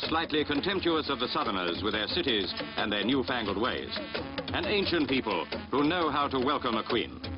slightly contemptuous of the Southerners with their cities and their newfangled ways. An ancient people who know how to welcome a queen.